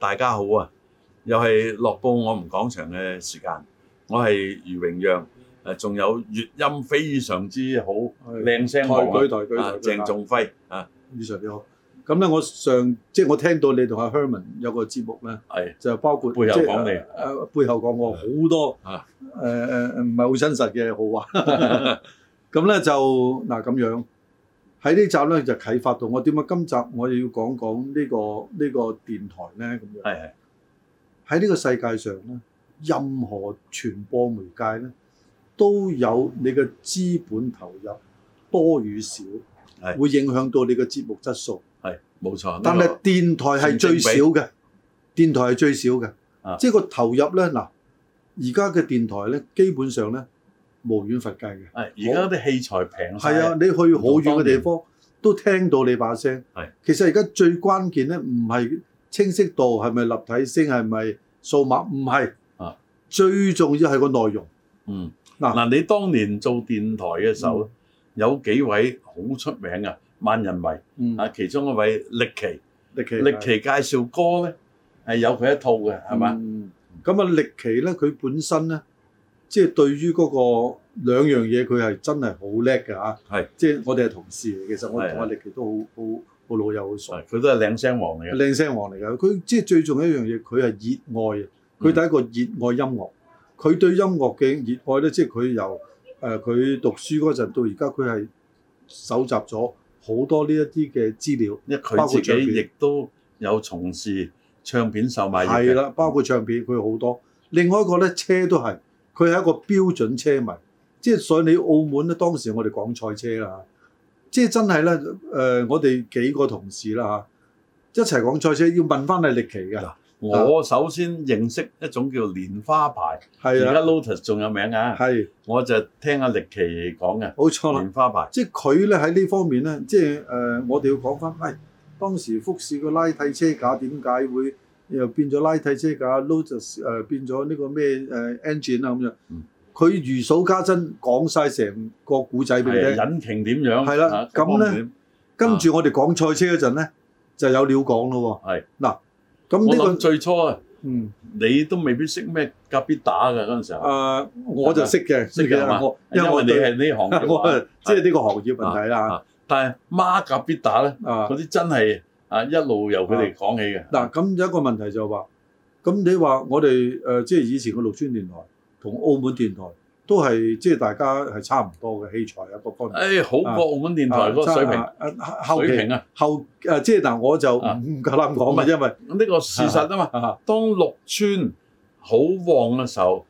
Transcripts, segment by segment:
大家好啊！又係樂報我們講場嘅時間，我係余榮陽，誒仲有粵音非常之好靚聲，抬舉抬舉，鄭仲輝啊，非常之好。咁咧，我上即係我聽到你同阿 Herman 有個節目咧，係就包括背後講你，誒背後講我好多誒誒，唔係好真實嘅好話。咁咧就嗱咁樣。喺呢集咧就啟發到我點解今集我又要講講呢個呢個電台咧，咁樣係喺呢個世界上咧，任何傳播媒介咧都有你嘅資本投入多與少，係，會影響到你嘅節目質素。係，冇錯。但係電台係最少嘅，電台係最少嘅。啊，即係個投入咧嗱，而家嘅電台咧基本上咧。無遠弗屆嘅，而家啲器材平曬，係啊！你去好遠嘅地方都聽到你把聲。係，其實而家最關鍵咧，唔係清晰度，係咪立體聲，係咪數碼？唔係，啊，最重要係個內容。嗯，嗱嗱，你當年做電台嘅時候，有幾位好出名啊？萬人迷，啊，其中一位力奇，力奇，力奇介紹歌咧，係有佢一套嘅，係嘛？咁啊，力奇咧，佢本身咧。即係對於嗰個兩樣嘢，佢係真係好叻㗎嚇。係是，即係我哋係同事，其實我同阿力奇都好好好老友好熟。佢都係靚聲王嚟嘅。靚聲王嚟㗎，佢即係最重要一樣嘢，佢係熱愛。佢、嗯、第一個熱愛音樂，佢對音樂嘅熱愛咧，即係佢由誒佢、呃、讀書嗰陣到而家，佢係搜集咗好多呢一啲嘅資料是，包括唱片亦都有從事唱片售賣業。係啦，包括唱片佢好多。另外一個咧，車都係。佢係一個標準車迷，即係所以你澳門咧，當時我哋講賽車啦，即係真係咧誒，我哋幾個同事啦、啊、一齊講賽車，要問翻係力奇嘅。我首先認識一種叫蓮花牌，而家 Lotus 仲有名啊。係，我就聽阿力奇講嘅。冇錯啦、啊，花牌，即係佢咧喺呢方面咧，即係誒、呃、我哋要講翻，係、哎、當時福士嘅拉替車架點解會？又變咗拉替車架，Lotus 誒變咗呢個咩 engine 啊咁樣，佢如數家珍講晒成個古仔俾你聽，引擎點樣？係啦，咁咧跟住我哋講賽車嗰陣咧，就有料講咯喎。係嗱，咁呢個最初嗯，你都未必識咩甲必打㗎。嗰陣時候。誒，我就識嘅，識嘅因為你係呢行嘅即係呢個行業問題啦。但係馬甲必打咧，嗰啲真係。啊，一路由佢哋講起嘅。嗱，咁有一個問題就話，是，咁你話我哋、呃、即係以前嘅綠村電台同澳門電台都係即係大家係差唔多嘅器材啊，各方面。誒、哎，好過澳門電台個水平。後期啊，啊，啊，啊，後，啊後啊即係嗱，啊，我就唔夠膽講，因為呢個事實啊嘛。是是是當綠村好旺嘅時候，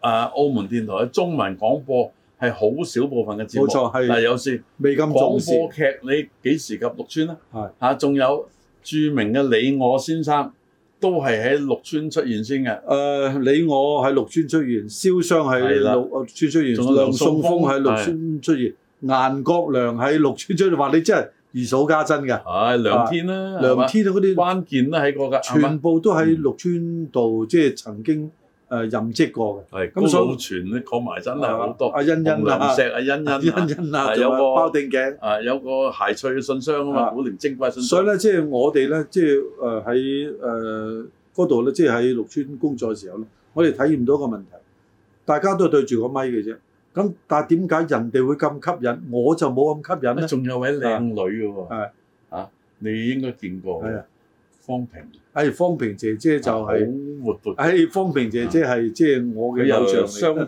啊，澳門電台嘅中文廣播。係好少部分嘅節目，冇錯係。有時未咁重視。廣播劇你幾時及綠邨啊？係嚇，仲有著名嘅李我先生都係喺綠邨出現先嘅。誒，李我喺綠邨出現，蕭湘喺綠邨出現，梁宋峰喺綠邨出現，顏國良喺綠邨出現，話你真係如數家珍㗎。係梁天啦，梁天嗰啲關鍵都喺過㗎，全部都喺綠邨度，即係曾經。誒任職過嘅，係咁所以好全咧，講埋真係好多。阿欣欣啊，林石啊，欣欣啊，有個包頂頸啊，有個諧趣信箱啊嘛，古靈精怪信箱。所以咧，即係我哋咧，即係誒喺誒嗰度咧，即係喺六村工作嘅時候咧，我哋體驗到一個問題，大家都係對住個咪嘅啫。咁但係點解人哋會咁吸引，我就冇咁吸引咧？仲有位靚女嘅喎。係啊，嚇你應該見過。係啊。方平，係方平姐姐就係好活潑。係方平姐姐係即係我嘅友誼商台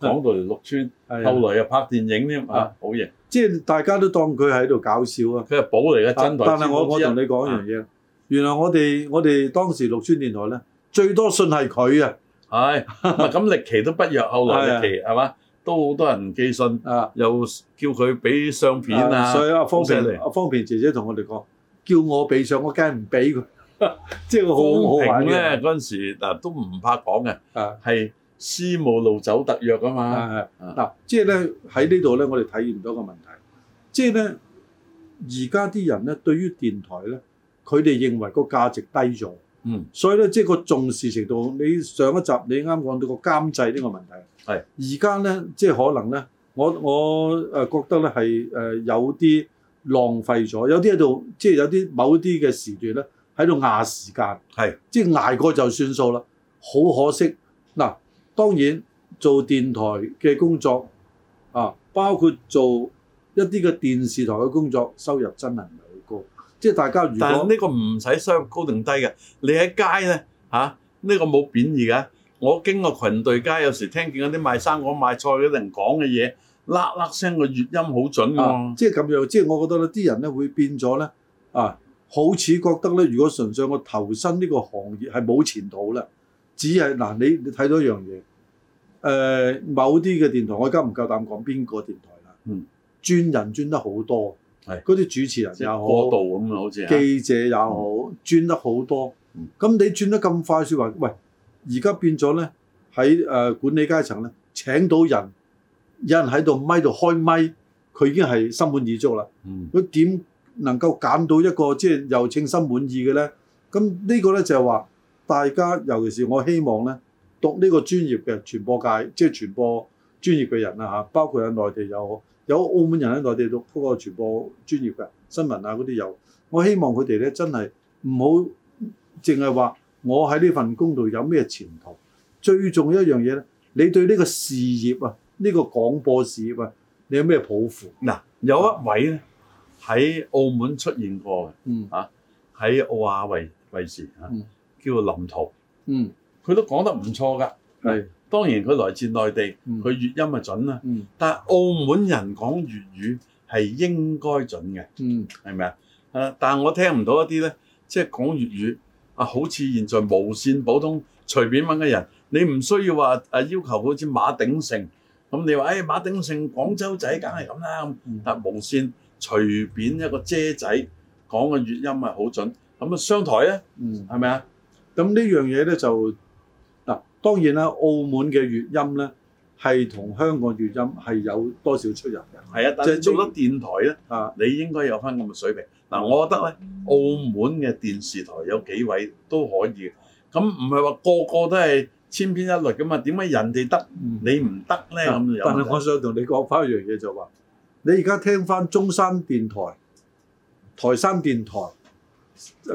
講到嚟六村，後來又拍電影添啊，好型！即係大家都當佢喺度搞笑啊。佢係寶嚟嘅真台。但係我我同你講一樣嘢，原來我哋我哋當時六村電台咧，最多信係佢嘅，係咁歷期都不弱。後來歷期係嘛，都好多人寄信啊，又叫佢俾相片啊。所以阿方平，阿方平姐姐同我哋講。叫我俾上，我梗係唔俾佢，即係我好好玩，嘅嗰陣時，嗱、啊、都唔怕講嘅，係私冒路走特約噶嘛，嗱、啊，即係咧喺呢度咧，我哋體驗到個問題，即係咧而家啲人咧對於電台咧，佢哋認為個價值低咗，嗯，所以咧即係個重視程度，你上一集你啱講到個監製呢個問題，係而家咧即係可能咧，我我誒覺得咧係誒有啲，浪費咗，有啲喺度，即係有啲某啲嘅時段咧，喺度壓時間，係，即係捱過就算數啦。好可惜嗱，當然做電台嘅工作啊，包括做一啲嘅電視台嘅工作，收入真係唔係好高。即係大家如果但呢個唔使收入高定低嘅，你喺街咧嚇，呢、啊呢個冇貶義㗎。我經過群隊街，有時聽見嗰啲賣生果、賣菜嗰啲人講嘅嘢。喇喇聲嘅語音好準㗎、啊啊，即係咁樣，即係我覺得啲人咧會變咗咧，啊，好似覺得咧，如果純粹我投身呢個行業係冇前途啦，只係嗱、啊，你你睇到一樣嘢，誒、呃，某啲嘅電台，我而家唔夠膽講邊個電台啦，嗯，轉人轉得好多，嗰啲是主持人又好，度咁啊，好似，記者又好轉、嗯、得好多，咁、嗯、你轉得咁快，所以話，喂，而家變咗咧喺管理階層咧請到人。有人喺度咪度開咪，佢已經係心滿意足啦。嗯，佢點能夠揀到一個即係又稱心滿意嘅咧？咁呢個咧就係話大家，尤其是我希望咧讀呢個專業嘅傳播界，即係傳播專業嘅人啊吓，包括喺內地有有澳門人喺內地讀嗰個傳播專業嘅新聞啊嗰啲有。我希望佢哋咧真係唔好淨係話我喺呢份工度有咩前途。最重要一樣嘢咧，你對呢個事業啊～呢個廣播事業，你有咩抱負？嗱，有一位咧喺澳門出現過嘅，嗯啊，喺澳亞衛視啊，嗯、叫林滔，嗯，佢都講得唔錯㗎，係的當然佢來自內地，佢粵、嗯、音咪準啦，嗯、但係澳門人講粵語係應該準嘅，嗯，係咪啊？係但係我聽唔到一啲咧，即係講粵語啊，好似現在無線普通隨便揾嘅人，你唔需要話啊要求好似馬鼎盛。咁你話誒、哎、馬鼎盛廣州仔，梗係咁啦。嗱，無線隨便一個姐仔講嘅粵音係好準。咁啊，商台呢？嗯，係咪啊？咁呢樣嘢咧就嗱，當然啦，澳門嘅粵音咧係同香港粵音係有多少出入嘅。係、嗯、啊，但係做咗電台咧，你應該有翻咁嘅水平。嗱、啊，我覺得咧，澳門嘅電視台有幾位都可以。咁唔係話個個都係。千篇一律嘅嘛？點解人哋得你唔得咧？咁但、嗯、係、嗯、我想同你講翻一樣嘢就話，你而家聽翻中山電台、台山電台、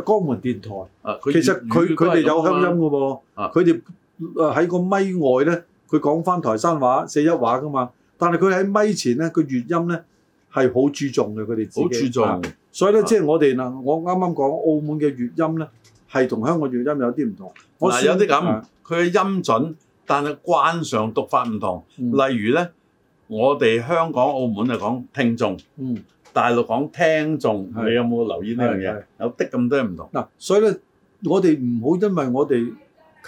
江門電台，啊、他其實佢佢哋有鄉音嘅喎。佢哋喺個咪外咧，佢講翻台山話、四邑話㗎嘛。但係佢喺咪前咧，個粵音咧係好注重嘅。佢哋好注重、啊，所以咧即係我哋嗱，啊、我啱啱講澳門嘅粵音咧，係同香港粵音有啲唔同。啊、我才有啲咁。佢嘅音準，但係慣常讀法唔同。嗯、例如呢，我哋香港、澳門就講聽眾，嗯，大陸講聽眾。是你有冇留意呢樣嘢？有的咁多唔同嗱、啊，所以咧，我哋唔好因為我哋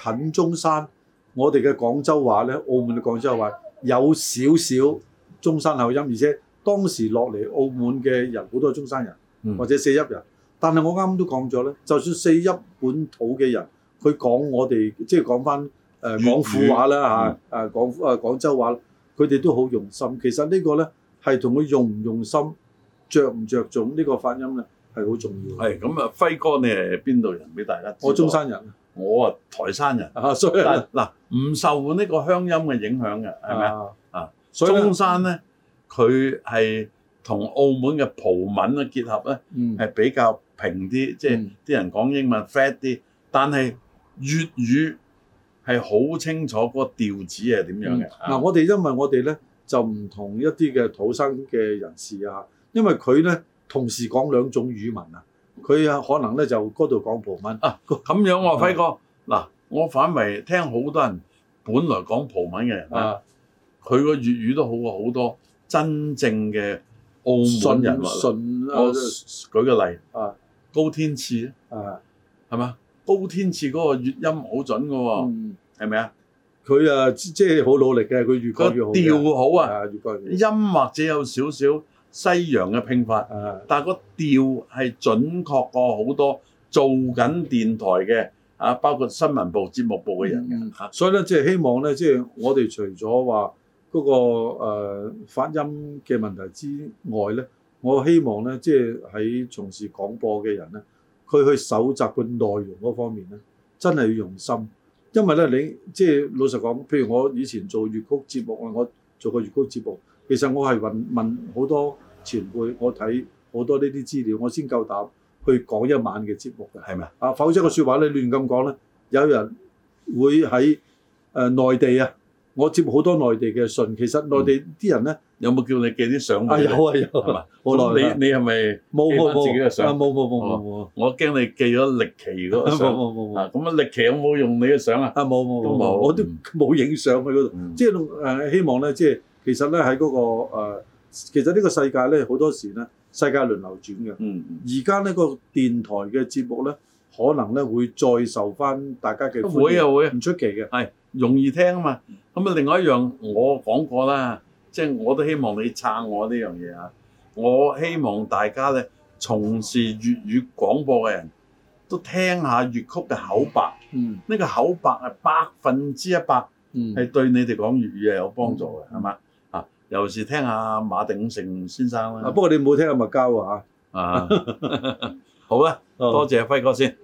近中山，我哋嘅廣州話呢澳門嘅廣州話有少少中山口音，而且當時落嚟澳門嘅人好多係中山人，嗯、或者四邑人。但係我啱啱都講咗呢，就算四邑本土嘅人。佢講我哋即係講翻誒廣府話啦嚇，誒廣誒廣州話，佢哋都好用心。其實呢個咧係同佢用唔用心、着唔着重呢個發音咧係好重要。係咁啊，輝哥你係邊度人？俾大家，我中山人，我啊台山人啊，所以嗱唔受呢個鄉音嘅影響嘅，係咪啊？啊，所以中山咧佢係同澳門嘅葡文咧結合咧，係比較平啲，即係啲人講英文 flat 啲，但係。粵語係好清楚嗰個調子係點樣嘅。嗱、嗯的啊，我哋因為我哋咧就唔同一啲嘅土生嘅人士啊，因為佢咧同時講兩種語文啊，佢啊可能咧就嗰度講葡文啊，咁樣我、啊、話輝哥，嗱的、啊，我反為聽好多人本來講葡文嘅人咧，佢個的、啊、粵語都好過好多真正嘅澳門人。純啊，哦、舉個例啊，是的高天賜啊，係嘛的？的高天賜嗰個粵音好準㗎喎、哦，係咪、嗯、啊？佢啊即係好努力嘅，佢越講越，、啊、越，越好。個調好啊，粵音或者有少少西洋嘅拼法，啊、但係個調係準確過好多做緊電台嘅啊，包括新聞部、節目部嘅人嘅、嗯。所以咧，即係希望咧，即、就、係、是、我哋除咗話嗰個誒發、呃、音嘅問題之外咧，我希望咧，即係喺從事廣播嘅人咧。佢去搜集個內容嗰方面咧，真係要用心，因為咧，你即係老實講，譬如我以前做粵曲節目啊，我做過粵曲節目，其實我係問問好多前輩，我睇好多呢啲資料，我先夠膽去講一晚嘅節目嘅，係咪啊？否則個説話你亂咁講咧，有人會喺誒內地啊，我接好多內地嘅信，其實內地啲人咧。嗯。有冇叫你寄啲相？啊，有啊有。好耐你你係咪冇冇冇？啊冇冇冇冇冇。我驚你寄咗力奇嗰個相。冇冇冇。咁啊力奇有冇用你嘅相啊？冇冇冇。我都冇影相喺嗰度。即係希望咧，即係其實咧，喺嗰個其實呢個世界咧，好多時咧，世界輪流轉嘅。嗯，而家呢個電台嘅節目咧，可能咧會再受翻大家嘅歡迎啊，會啊唔出奇嘅。係容易聽啊嘛。咁啊，另外一樣我講過啦。即係我都希望你撐我呢樣嘢啊！我希望大家咧從事粵語廣播嘅人都聽下粵曲嘅口白，嗯，呢個口白係百分之一百，嗯，係對你哋講粵語係有幫助嘅，係咪、嗯、吧啊？尤其是聽下馬鼎盛先生啦、啊，不過你冇聽阿麥交喎啊，好啦，多謝輝哥先。